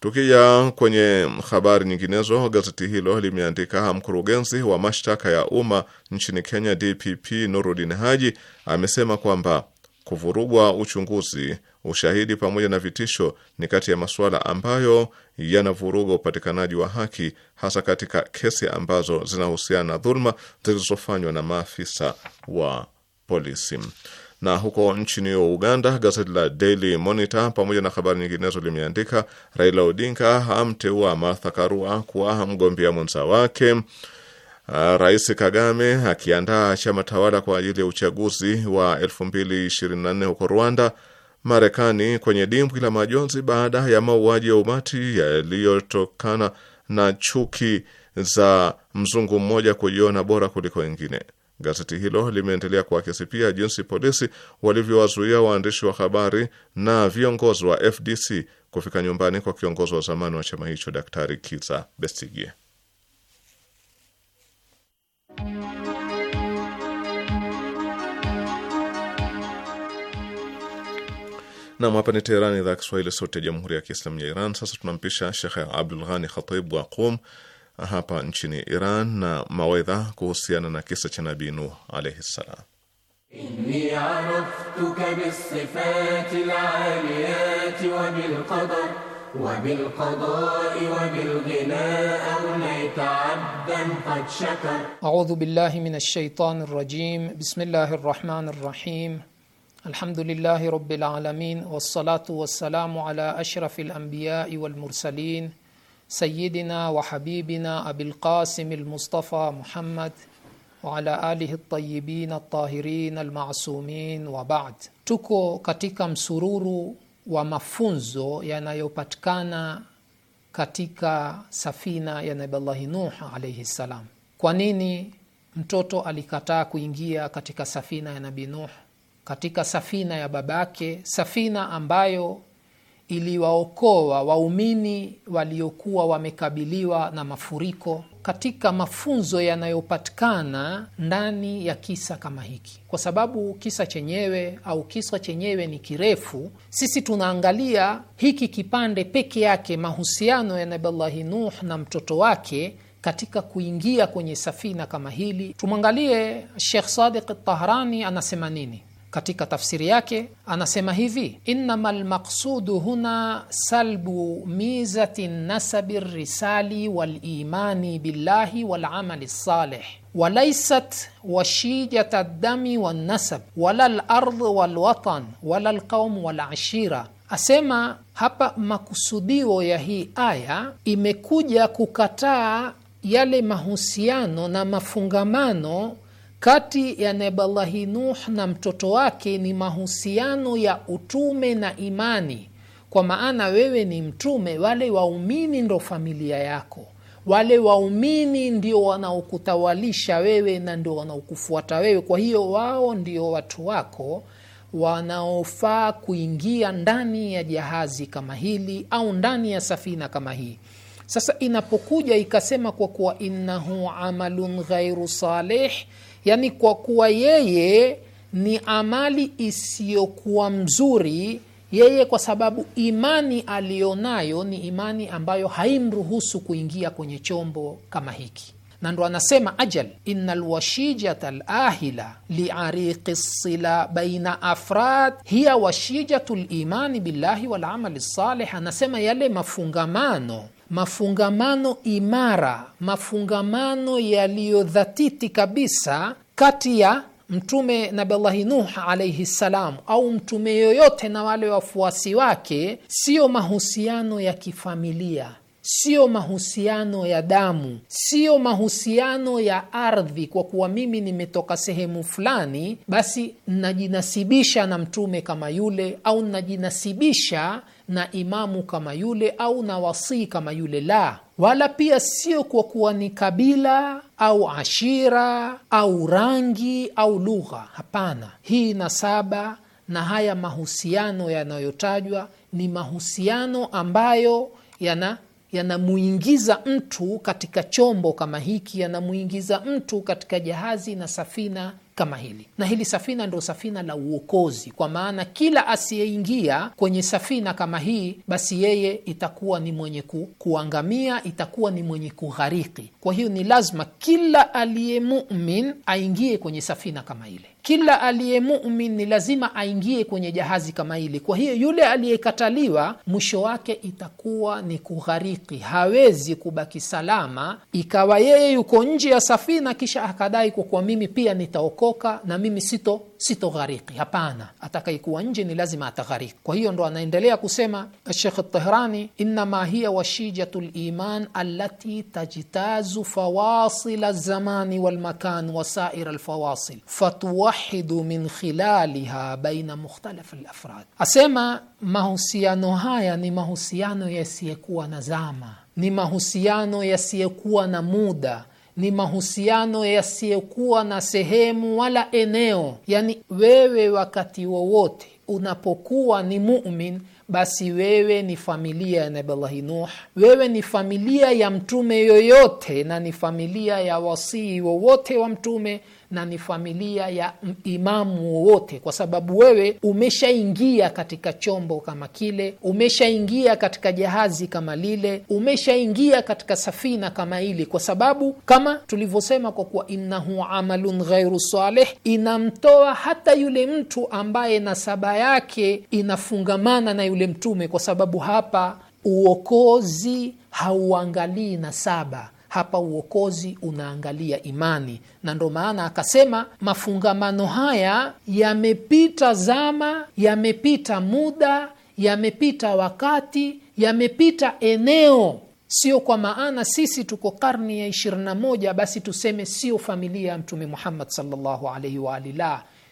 [SPEAKER 2] Tukija kwenye habari nyinginezo, gazeti hilo limeandika mkurugenzi wa mashtaka ya umma nchini Kenya, DPP Nurudin Haji amesema kwamba kuvurugwa uchunguzi, ushahidi pamoja na vitisho ni kati ya masuala ambayo yanavuruga upatikanaji wa haki, hasa katika kesi ambazo zinahusiana na dhuluma zilizofanywa na maafisa wa polisi. Na huko nchini Uganda, gazeti la Daily Monitor pamoja na habari nyinginezo limeandika Raila Odinga amteua Martha Karua kuwa mgombea mwenza wake. Uh, Rais Kagame akiandaa chama tawala kwa ajili ya uchaguzi wa 2024 huko Rwanda. Marekani kwenye dimbwi la majonzi baada ya mauaji ya umati yaliyotokana na chuki za mzungu mmoja kujiona bora kuliko wengine. Gazeti hilo limeendelea kuakisi pia jinsi polisi walivyowazuia waandishi wa habari na viongozi wa FDC kufika nyumbani kwa kiongozi wa zamani wa chama hicho Daktari Kiza Bestige. Nam, hapa ni Teherani, idhaa ya Kiswahili, sauti ya jamhuri ya kiislamu ya Iran. Sasa tunampisha Shekhe Abdul Ghani Khatibu wa Qum hapa nchini Iran na mawaidha kuhusiana na kisa cha Nabii Nuh alaihi ssalam.
[SPEAKER 3] Inni araftuka bisifati
[SPEAKER 4] alaliyati wa bilqadar wa bilqadai wa bilghina awnaita abdan qad shakar.
[SPEAKER 5] Audhu billahi minash shaitani rajim. Bismillahi rrahmani rahim. Alhamdulillahi rabbil alamin wassalatu wassalamu ala ashrafil anbiyai wal mursalin سيدنا وحبيبنا ابي القاسم المصطفى محمد وعلى اله الطيبين الطاهرين المعصومين وبعد tuko katika msururu wa mafunzo yanayopatikana katika safina ya Allah nuh alayhi salam kwa nini mtoto alikataa kuingia katika safina ya nabii nuh katika safina ya babake safina ambayo iliwaokoa waumini waliokuwa wamekabiliwa na mafuriko katika mafunzo yanayopatikana ndani ya kisa kama hiki, kwa sababu kisa chenyewe au kisa chenyewe ni kirefu. Sisi tunaangalia hiki kipande peke yake, mahusiano ya Nabillahi Nuh na mtoto wake katika kuingia kwenye safina kama hili. Tumwangalie Shekh Sadiq Tahrani anasema nini katika tafsiri yake anasema hivi: innama lmaqsudu huna salbu mizati nasabi lrisali walimani billahi walamali lsaleh walaisat washijata ldami walnasab wala lard walwatan wala lqaum walashira. Asema hapa makusudio ya hii aya imekuja kukataa yale mahusiano na mafungamano kati ya nebalahi Nuh na mtoto wake ni mahusiano ya utume na imani, kwa maana wewe ni mtume, wale waumini ndo familia yako, wale waumini ndio wanaokutawalisha wewe na ndio wanaokufuata wewe. Kwa hiyo wao ndio watu wako wanaofaa kuingia ndani ya jahazi kama hili au ndani ya safina kama hii. Sasa inapokuja ikasema, kwa kuwa innahu amalun ghairu salih yaani kwa kuwa yeye ni amali isiyokuwa mzuri yeye kwa sababu imani aliyonayo ni imani ambayo haimruhusu kuingia kwenye chombo kama hiki na ndo anasema ajal ina lwashijata lahila liariqi sila baina afrad hiya washijatu limani billahi walamali lsalih anasema yale mafungamano mafungamano imara, mafungamano yaliyodhatiti kabisa kati ya Mtume Nabillahi Nuh alaihi ssalam au mtume yoyote na wale wafuasi wake, siyo mahusiano ya kifamilia, siyo mahusiano ya damu, siyo mahusiano ya ardhi. Kwa kuwa mimi nimetoka sehemu fulani, basi najinasibisha na mtume kama yule, au najinasibisha na imamu kama yule au na wasii kama yule, la wala pia sio kwa kuwa ni kabila au ashira au rangi au lugha. Hapana, hii nasaba na haya mahusiano yanayotajwa ni mahusiano ambayo yana yanamuingiza mtu katika chombo kama hiki, yanamuingiza mtu katika jahazi na safina kama hili, na hili safina ndo safina la uokozi, kwa maana kila asiyeingia kwenye safina kama hii, basi yeye itakuwa ni mwenye ku, kuangamia, itakuwa ni mwenye kughariki. Kwa hiyo ni lazima kila aliye mumin aingie kwenye safina kama ile. Kila aliye mumin ni lazima aingie kwenye jahazi kama ile. Kwa hiyo yule aliyekataliwa, mwisho wake itakuwa ni kughariki, hawezi kubaki salama. Ikawa yeye yuko nje ya safina, kisha akadai kwa kuwa mimi pia nitaokoka ataokoka na mimi sito sitoghariki. Hapana, atakayekuwa nje ni lazima ataghariki. Kwa hiyo ndo anaendelea kusema Shekh Tehrani, innama hiya washijatu liman allati tajtazu fawasila lzamani walmakan wasaira lfawasil fatuwahidu min khilaliha baina mukhtalaf lafrad. Asema mahusiano haya ni mahusiano yasiyekuwa na zama, ni mahusiano yasiyekuwa na muda ni mahusiano yasiyokuwa na sehemu wala eneo. Yani wewe wakati wowote unapokuwa ni mumin, basi wewe ni familia ya Nabillahi Nuh, wewe ni familia ya mtume yoyote, na ni familia ya wasii wowote wa mtume na ni familia ya imamu wowote, kwa sababu wewe umeshaingia katika chombo kama kile, umeshaingia katika jahazi kama lile, umeshaingia katika safina kama hili, kwa sababu kama tulivyosema, kwa kuwa innahu amalun ghairu saleh, inamtoa hata yule mtu ambaye nasaba yake inafungamana na yule mtume, kwa sababu hapa uokozi hauangalii nasaba. Hapa uokozi unaangalia imani, na ndo maana akasema mafungamano haya yamepita zama, yamepita muda, yamepita wakati, yamepita eneo. Sio kwa maana sisi tuko karni ya 21 basi tuseme sio familia ya Mtume Muhammad sallallahu alaihi wa alihi.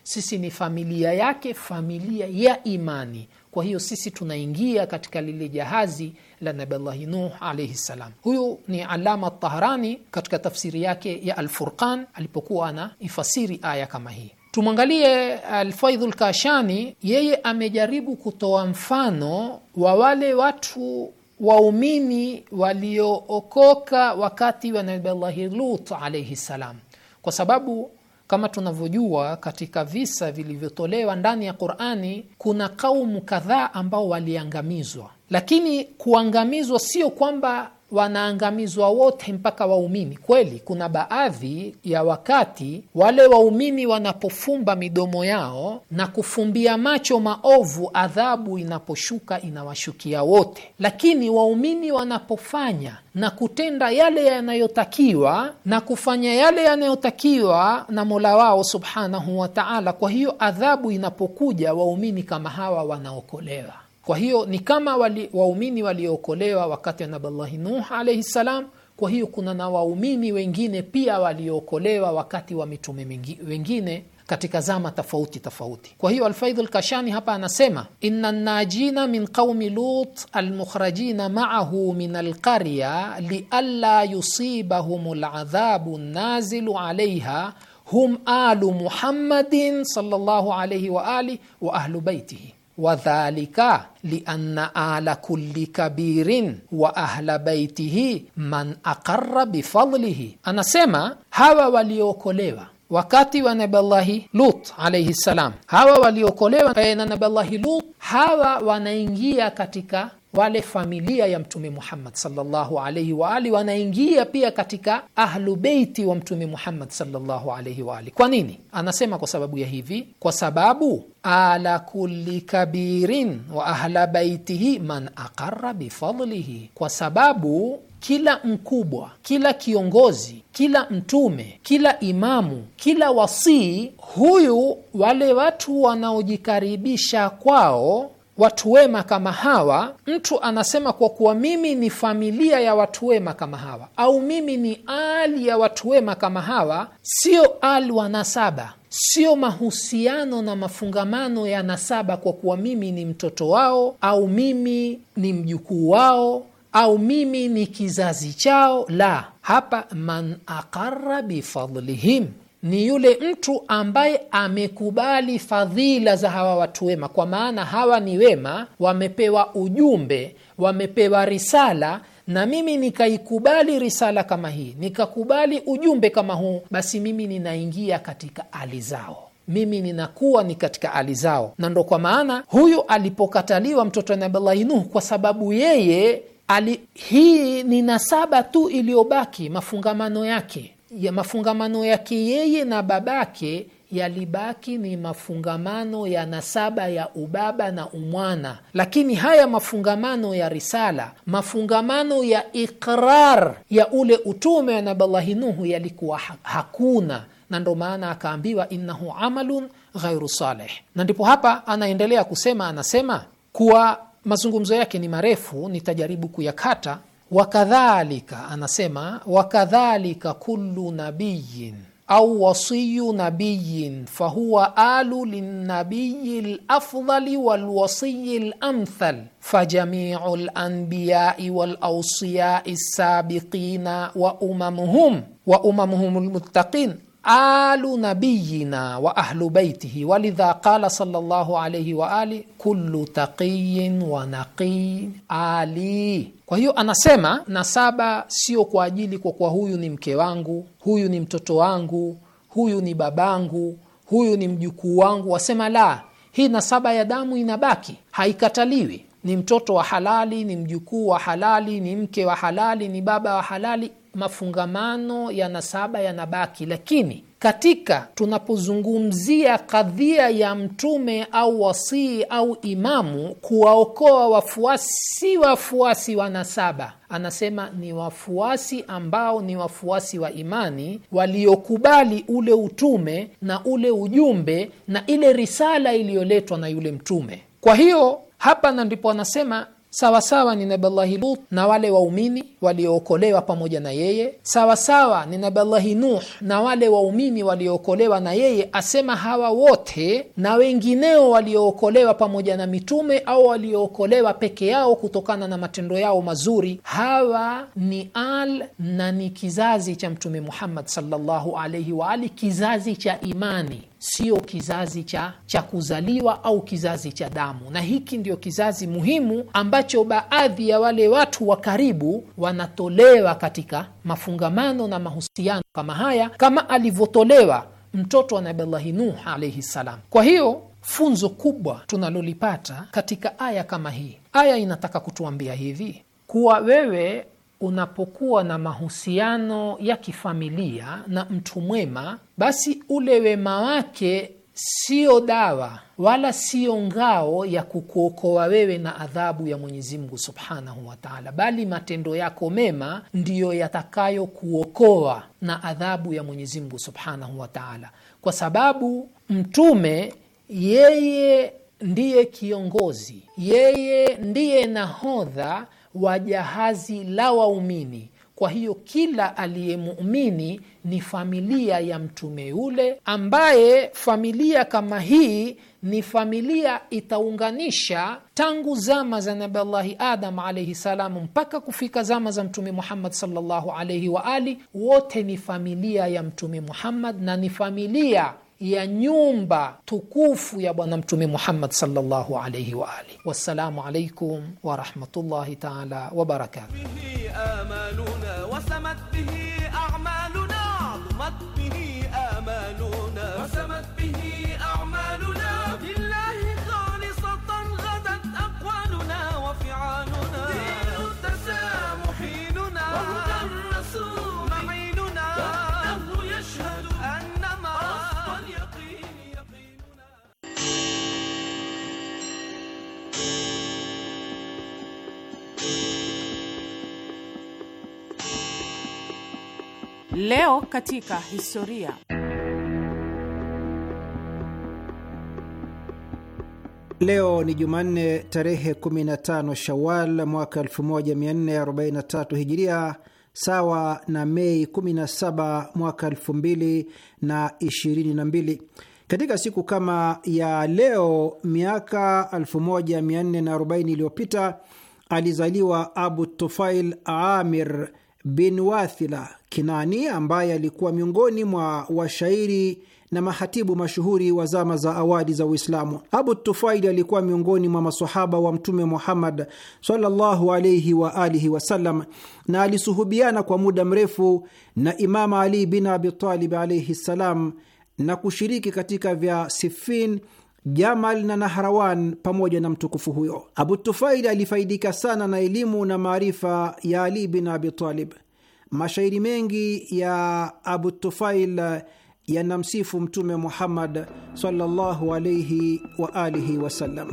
[SPEAKER 5] Sisi ni familia yake, familia ya imani kwa hiyo sisi tunaingia katika lile jahazi la Nabillahi Nuh alaihi ssalam. Huyu ni Alama Tahrani katika tafsiri yake ya Alfurqan alipokuwa anaifasiri aya kama hii. Tumwangalie Alfaidhu Lkashani, yeye amejaribu kutoa mfano wa wale watu waumini waliookoka wakati wa Nabillahi Lut alaihi ssalam, kwa sababu kama tunavyojua katika visa vilivyotolewa ndani ya Qurani, kuna kaumu kadhaa ambao waliangamizwa, lakini kuangamizwa sio kwamba wanaangamizwa wote mpaka waumini. Kweli kuna baadhi ya wakati wale waumini wanapofumba midomo yao na kufumbia macho maovu, adhabu inaposhuka inawashukia wote, lakini waumini wanapofanya na kutenda yale yanayotakiwa na kufanya yale yanayotakiwa na Mola wao subhanahu wa taala, kwa hiyo adhabu inapokuja waumini kama hawa wanaokolewa kwa hiyo ni kama wali, waumini waliookolewa wakati wa nabillahi nuh alaihi ssalam kwa hiyo kuna na waumini wengine pia waliookolewa wakati wa mitume wengine katika zama tofauti tofauti. Kwa hiyo Alfaidhu Lkashani hapa anasema inna najina min qaumi Lut almukhrajina maahu min alqarya lialla yusibahum ladhabu nazilu alaiha hum alu Muhammadin sallallahu alaihi wa alihi wa ahlu baitihi wadhalika lianna ala kulli kabirin wa ahla baitihi man aqarra bifadlihi, anasema hawa waliookolewa wakati wa nabillahi Lut alaihi ssalam, hawa waliokolewa na nabillahi Lut, hawa wanaingia katika wale familia ya Mtume Muhammad sallallahu alaihi wa ali wanaingia pia katika ahlu beiti wa Mtume Muhammad sallallahu alaihi wa ali. Kwa nini anasema? Kwa sababu ya hivi, kwa sababu ala kulli kabirin wa ahla baitihi man aqarra bifadlihi, kwa sababu kila mkubwa, kila kiongozi, kila mtume, kila imamu, kila wasii, huyu wale watu wanaojikaribisha kwao watu wema kama hawa, mtu anasema kwa kuwa mimi ni familia ya watu wema kama hawa, au mimi ni ali ya watu wema kama hawa, sio al wa nasaba, sio mahusiano na mafungamano ya nasaba, kwa kuwa mimi ni mtoto wao au mimi ni mjukuu wao au mimi ni kizazi chao. La, hapa man aqara bifadlihim ni yule mtu ambaye amekubali fadhila za hawa watu wema, kwa maana hawa ni wema, wamepewa ujumbe, wamepewa risala na mimi nikaikubali risala kama hii, nikakubali ujumbe kama huu, basi mimi ninaingia katika ali zao, mimi ninakuwa ni katika ali zao. Na ndo kwa maana huyu alipokataliwa mtoto Nabillahi Nuh, kwa sababu yeye ali, hii ni nasaba tu iliyobaki, mafungamano yake ya mafungamano yake yeye na babake yalibaki ni mafungamano ya nasaba ya ubaba na umwana, lakini haya mafungamano ya risala, mafungamano ya ikrar ya ule utume wa Nabillahi Nuhu yalikuwa hakuna, na ndo maana akaambiwa innahu amalun ghairu saleh. Na ndipo hapa anaendelea kusema, anasema kuwa mazungumzo yake ni marefu, nitajaribu kuyakata wakadhalika anasema wakadhalika kullu nabiyin au wasiyu nabiyin fahuwa alu linabiyi lafdali walwasiyi lamthal fajamiu lanbiyai walausiyai lsabiqina wa umamuhum wa umamuhum lmuttaqin alu nabiyina wa ahlu baitihi walidha qala sallallahu alayhi wa ali kullu taqiyin wa naqiyin ali. Kwa hiyo anasema nasaba sio kwa ajili kwa kuwa huyu ni mke wangu, huyu ni mtoto wangu, huyu ni babangu, huyu ni mjukuu wangu, wasema la, hii nasaba ya damu inabaki, haikataliwi ni mtoto wa halali, ni mjukuu wa halali, ni mke wa halali, ni baba wa halali. Mafungamano ya nasaba yanabaki, lakini katika tunapozungumzia kadhia ya mtume au wasii au imamu kuwaokoa wafuasi, si wafuasi wa nasaba, anasema ni wafuasi ambao ni wafuasi wa imani waliokubali ule utume na ule ujumbe na ile risala iliyoletwa na yule mtume. Kwa hiyo hapa na ndipo anasema sawasawa ni Nabillahi Lut na wale waumini waliookolewa pamoja na yeye, sawasawa ni Nabillahi Nuh na wale waumini waliookolewa na yeye. Asema hawa wote na wengineo waliookolewa pamoja na mitume au waliookolewa peke yao kutokana na matendo yao mazuri, hawa ni al na ni kizazi cha Mtume Muhammad sallallahu alaihi wa ali, kizazi cha imani sio kizazi cha cha kuzaliwa au kizazi cha damu, na hiki ndio kizazi muhimu ambacho baadhi ya wale watu wa karibu wanatolewa katika mafungamano na mahusiano kama haya, kama alivyotolewa mtoto wa Nabillahi Nuh alaihi ssalam. Kwa hiyo funzo kubwa tunalolipata katika aya kama hii, aya inataka kutuambia hivi kuwa wewe unapokuwa na mahusiano ya kifamilia na mtu mwema, basi ule wema wake siyo dawa wala siyo ngao ya kukuokoa wewe na adhabu ya Mwenyezi Mungu subhanahu wa taala, bali matendo yako mema ndiyo yatakayokuokoa na adhabu ya Mwenyezi Mungu subhanahu wa taala, kwa sababu Mtume yeye ndiye kiongozi, yeye ndiye nahodha wa jahazi la waumini. Kwa hiyo kila aliyemumini ni familia ya mtume yule, ambaye familia kama hii ni familia itaunganisha tangu zama za Nabi Allahi Adam alaihi salam mpaka kufika zama za Mtume Muhammad sallallahu alaihi waali, wote ni familia ya Mtume Muhammad na ni familia ya nyumba tukufu ya Bwana Mtume Muhammad sallallahu alaihi wa alihi. Wassalamu alaikum warahmatullahi taala wabarakatuh. Leo katika historia.
[SPEAKER 3] Leo ni Jumanne tarehe 15 Shawal mwaka 1443 Hijiria, sawa na Mei 17 mwaka 2022. Katika siku kama ya leo miaka 1440 iliyopita alizaliwa Abu Tufail Amir bin Wathila Kinani ambaye alikuwa miongoni mwa washairi na mahatibu mashuhuri wa zama za awali za Uislamu. Abu Tufaili alikuwa miongoni mwa masahaba wa Mtume Muhammad sallallahu alaihi wa alihi wasallam, na alisuhubiana kwa muda mrefu na Imama Ali bin Abitalib alaihi ssalam na kushiriki katika vya Sifin Jamal na Nahrawan pamoja na mtukufu huyo. Abu Tufail alifaidika sana na elimu na maarifa ya Ali bin Abi Talib. Mashairi mengi ya Abu Tufail yanamsifu Mtume Muhammad sallallahu alaihi wa alihi wasallam.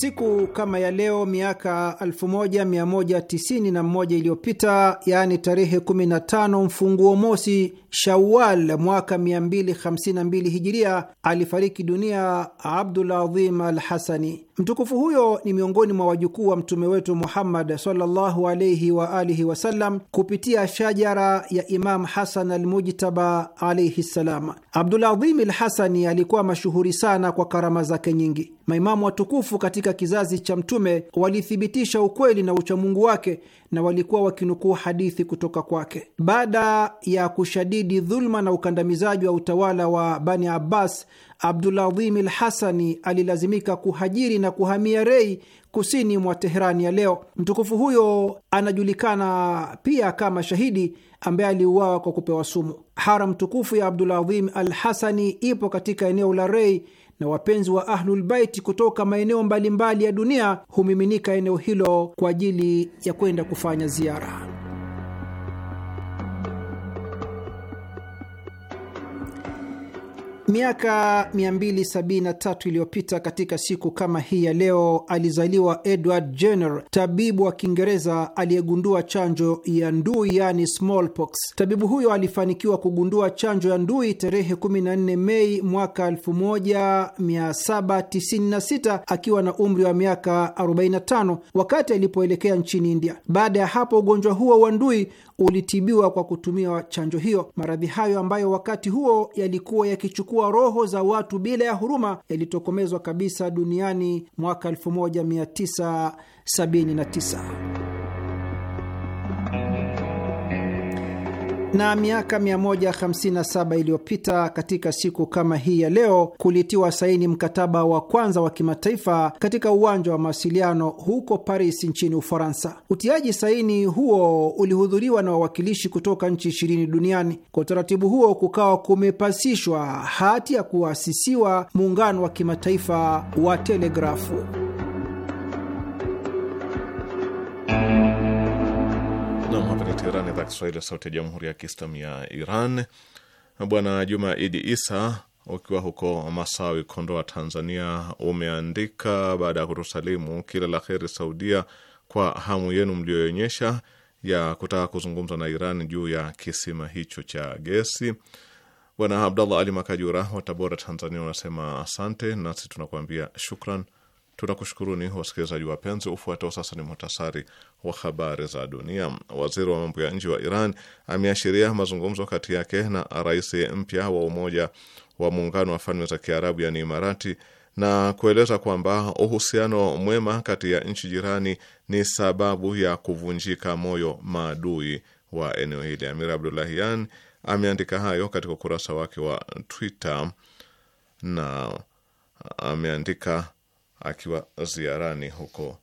[SPEAKER 3] Siku kama ya leo miaka 1191 iliyopita, yaani tarehe 15 mfunguo mosi Shawal mwaka 252 hijiria, alifariki dunia Abdul Adhim al Hasani, Mtukufu huyo ni miongoni mwa wajukuu wa mtume wetu Muhammad sallallahu alaihi wa alihi wasallam kupitia shajara ya Imam Hasan Almujtaba alaihi ssalam. Abduladhim Alhasani alikuwa mashuhuri sana kwa karama zake nyingi. Maimamu watukufu katika kizazi cha Mtume walithibitisha ukweli na uchamungu wake na walikuwa wakinukuu hadithi kutoka kwake. Baada ya kushadidi dhuluma na ukandamizaji wa utawala wa Bani Abbas, Abdulazim al Hasani alilazimika kuhajiri na kuhamia Rei, kusini mwa Teherani ya leo. Mtukufu huyo anajulikana pia kama shahidi ambaye aliuawa kwa kupewa sumu. Haram tukufu ya Abdulazim al Hasani ipo katika eneo la Rei na wapenzi wa Ahlulbaiti kutoka maeneo mbalimbali ya dunia humiminika eneo hilo kwa ajili ya kwenda kufanya ziara. Miaka 273 iliyopita katika siku kama hii ya leo alizaliwa Edward Jenner, tabibu wa Kiingereza aliyegundua chanjo ya ndui, yani smallpox. Tabibu huyo alifanikiwa kugundua chanjo ya ndui tarehe 14 Mei mwaka 1796 akiwa na umri wa miaka 45 wakati alipoelekea nchini India. Baada ya hapo, ugonjwa huo wa ndui ulitibiwa kwa kutumia chanjo hiyo. Maradhi hayo ambayo wakati huo yalikuwa yakichukua kuua roho za watu bila ya huruma yalitokomezwa kabisa duniani mwaka 1979. Na miaka 157 iliyopita katika siku kama hii ya leo kulitiwa saini mkataba wa kwanza wa kimataifa katika uwanja wa mawasiliano huko Paris nchini Ufaransa. Utiaji saini huo ulihudhuriwa na wawakilishi kutoka nchi ishirini duniani. Kwa utaratibu huo, kukawa kumepasishwa hati ya kuasisiwa muungano wa kimataifa wa telegrafu.
[SPEAKER 2] Hapa Teheran, idhaa Kiswahili, sauti ya jamhuri ya kiislamu ya Iran. Bwana Juma Idi Isa, ukiwa huko Masawi, Kondoa, Tanzania, umeandika baada ya kutusalimu, kila la heri Saudia kwa hamu yenu mliyoonyesha ya kutaka kuzungumza na Iran juu ya kisima hicho cha gesi. Bwana Abdallah Ali Makajura wa Tabora, Tanzania, unasema asante, nasi tunakuambia shukran. Tunakushukuruni wasikilizaji wapenzi. Ufuatao sasa ni muhtasari wa habari za dunia. Waziri wa mambo ya nje wa Iran ameashiria mazungumzo kati yake na rais mpya wa Umoja wa Muungano wa Falme za Kiarabu, yani Imarati, na kueleza kwamba uhusiano mwema kati ya nchi jirani ni sababu ya kuvunjika moyo maadui wa eneo hili. Amir Abdulahian ameandika hayo katika ukurasa wake wa Twitter na ameandika akiwa ziarani huko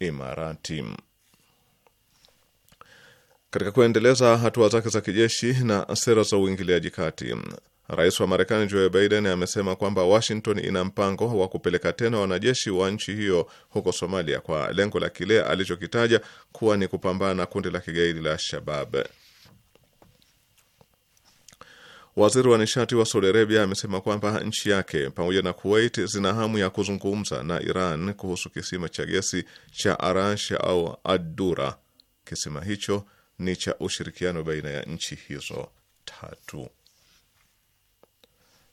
[SPEAKER 2] Imarati. Katika kuendeleza hatua zake za kijeshi na sera za uingiliaji kati, rais wa Marekani Joe Biden amesema kwamba Washington ina mpango wa kupeleka tena wanajeshi wa nchi hiyo huko Somalia kwa lengo la kile alichokitaja kuwa ni kupambana na kundi la kigaidi la Al-Shabab. Waziri wa nishati wa Saudi Arabia amesema kwamba nchi yake pamoja na Kuwait zina hamu ya kuzungumza na Iran kuhusu kisima cha gesi cha Arash au adura Kisima hicho ni cha ushirikiano baina ya nchi hizo tatu.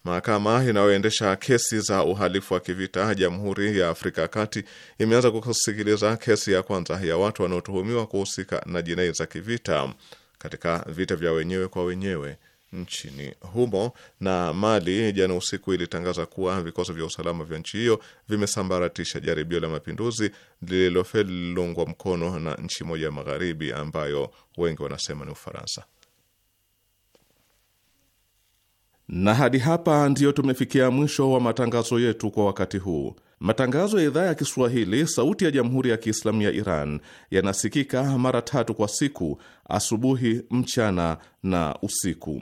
[SPEAKER 2] Mahakama inayoendesha kesi za uhalifu wa kivita Jamhuri ya Afrika ya Kati imeanza kusikiliza kesi ya kwanza ya watu wanaotuhumiwa kuhusika na jinai za kivita katika vita vya wenyewe kwa wenyewe nchini humo. Na Mali jana usiku ilitangaza kuwa vikosi vya usalama vya nchi hiyo vimesambaratisha jaribio la mapinduzi lililofeli lililoungwa mkono na nchi moja ya magharibi ambayo wengi wanasema ni Ufaransa. Na hadi hapa ndiyo tumefikia mwisho wa matangazo yetu kwa wakati huu. Matangazo ya idhaa ya Kiswahili sauti ya Jamhuri ya Kiislamu ya Iran yanasikika mara tatu kwa siku: asubuhi, mchana na usiku.